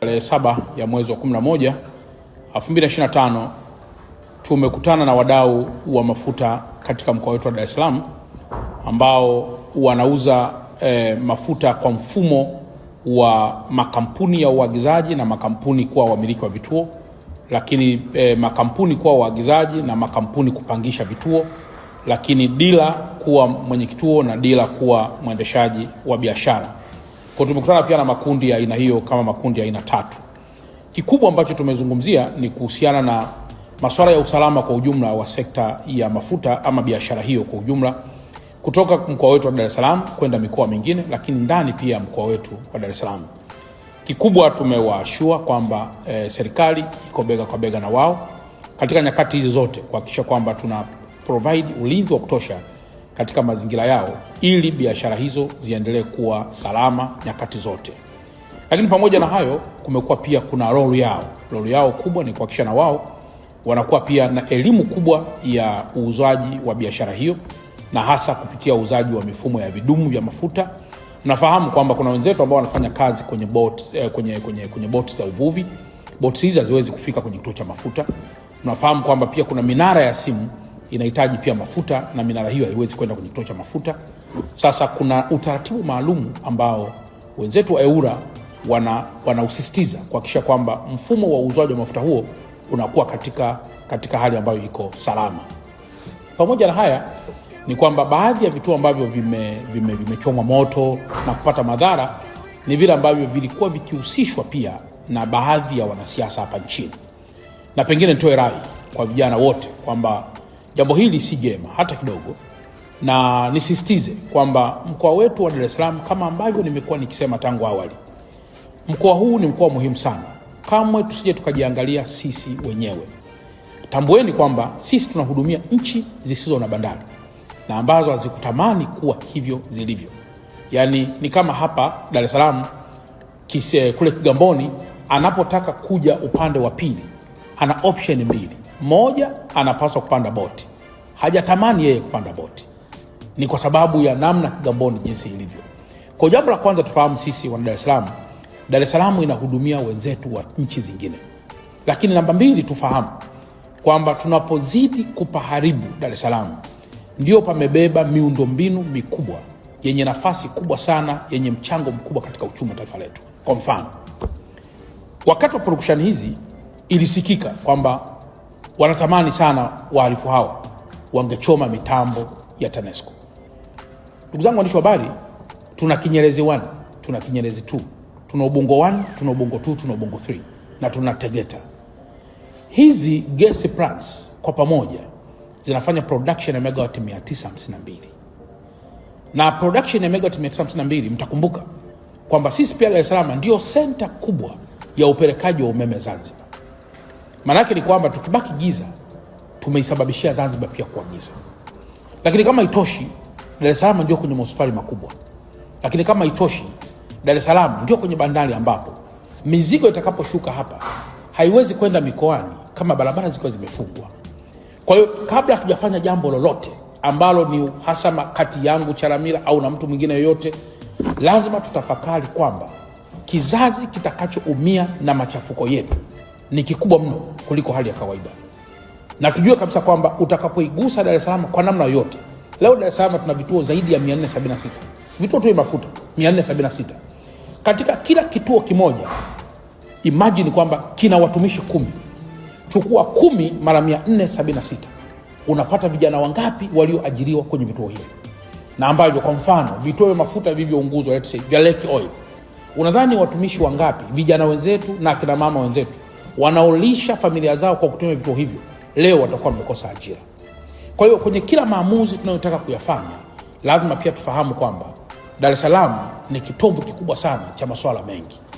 Tarehe saba ya mwezi wa 11 2025 tumekutana na wadau wa mafuta katika mkoa wetu wa Dar es Salaam ambao wanauza eh, mafuta kwa mfumo wa makampuni ya uagizaji na makampuni kuwa wamiliki wa vituo, lakini eh, makampuni kuwa waagizaji na makampuni kupangisha vituo, lakini dila kuwa mwenye kituo na dila kuwa mwendeshaji wa biashara. Kwa tumekutana pia na makundi ya aina hiyo kama makundi ya aina tatu. Kikubwa ambacho tumezungumzia ni kuhusiana na masuala ya usalama kwa ujumla wa sekta ya mafuta ama biashara hiyo kwa ujumla kutoka mkoa wetu wa Dar es Salaam kwenda mikoa mingine, lakini ndani pia mkoa wetu wa Dar es Salaam. Kikubwa tumewashua kwamba e, serikali iko bega kwa bega na wao katika nyakati hizi zote kuhakikisha kwamba tuna provide ulinzi wa kutosha katika mazingira yao ili biashara hizo ziendelee kuwa salama nyakati zote. Lakini pamoja na hayo, kumekuwa pia kuna rolu yao, rolu yao kubwa ni kuhakikisha na wao wanakuwa pia na elimu kubwa ya uuzaji wa biashara hiyo, na hasa kupitia uuzaji wa mifumo ya vidumu vya mafuta. Nafahamu kwamba kuna wenzetu ambao wanafanya kazi kwenye bot eh, kwenye, kwenye, kwenye bot za uvuvi. bot hizi haziwezi kufika kwenye kituo cha mafuta. mnafahamu kwamba pia kuna minara ya simu inahitaji pia mafuta na minara hiyo haiwezi kwenda kwenye kituo cha mafuta. Sasa kuna utaratibu maalum ambao wenzetu wa eura wanausisitiza wana kuhakikisha kwamba mfumo wa uuzwaji wa mafuta huo unakuwa katika, katika hali ambayo iko salama. Pamoja na haya ni kwamba baadhi ya vituo ambavyo vimechomwa vime, vime moto na kupata madhara ni vile ambavyo vilikuwa vikihusishwa pia na baadhi ya wanasiasa hapa nchini, na pengine nitoe rai kwa vijana wote kwamba Jambo hili si jema hata kidogo, na nisisitize kwamba mkoa wetu wa Dar es Salaam, kama ambavyo nimekuwa nikisema tangu awali, mkoa huu ni mkoa muhimu sana. Kamwe tusije tukajiangalia sisi wenyewe. Tambueni kwamba sisi tunahudumia nchi zisizo na bandari na ambazo hazikutamani kuwa hivyo zilivyo. Yaani ni kama hapa Dar es Salaam kise, kule Kigamboni anapotaka kuja upande wa pili ana option mbili moja, anapaswa kupanda boti, hajatamani yeye kupanda boti, ni kwa sababu ya namna Kigamboni jinsi ilivyo. Kwa jambo la kwanza tufahamu sisi wana Dar es Dar es inahudumia wenzetu wa nchi zingine, lakini namba mbili tufahamu kwamba tunapozidi kupaharibu Dar es ndio pamebeba miundombinu mikubwa yenye nafasi kubwa sana yenye mchango mkubwa katika uchumi wa taifa letu. Kwa mfano, wakati wa purukushani hizi ilisikika kwamba Wanatamani sana wahalifu hao wangechoma mitambo ya TANESCO. Ndugu zangu waandishi wa habari, tuna Kinyerezi 1, tuna Kinyerezi 2, tuna Ubungo 1, tuna Ubungo 2, tuna Ubungo 3 na tuna Tegeta. Hizi gesi plants kwa pamoja zinafanya production ya megawati 952 na production ya megawati 952, mtakumbuka kwamba sisi pia Dar es Salaam ndio senta kubwa ya upelekaji wa umeme Zanzibar yake ni kwamba tukibaki giza, tumeisababishia Zanzibar pia kuwa giza. Lakini kama itoshi, Dar es Salaam ndio kwenye mahospitali makubwa, lakini kama itoshi, Dar es Salaam ndio kwenye bandari ambapo mizigo itakaposhuka hapa haiwezi kwenda mikoani kama barabara zikiwa zimefungwa. Kwa hiyo kabla hatujafanya jambo lolote ambalo ni uhasama kati yangu charamira au na mtu mwingine yoyote, lazima tutafakari kwamba kizazi kitakachoumia na machafuko yetu ni kikubwa mno kuliko hali ya kawaida, na tujue kabisa kwamba utakapoigusa Dar es Salaam kwa namna yoyote. Leo Dar es Salaam tuna vituo zaidi ya 476 vituo tu mafuta 476 katika kila kituo kimoja, imajini kwamba kina watumishi kumi. Chukua kumi mara 476 unapata vijana wangapi walioajiriwa kwenye vituo hivi, na ambavyo kwa mfano vituo vya mafuta vilivyounguzwa let's say vya Lake Oil, unadhani watumishi wangapi vijana wenzetu na akinamama mama wenzetu wanaolisha familia zao kwa kutumia vituo hivyo leo watakuwa wamekosa ajira. Kwa hiyo kwenye kila maamuzi tunayotaka kuyafanya, lazima pia tufahamu kwamba Dar es Salaam ni kitovu kikubwa sana cha masuala mengi.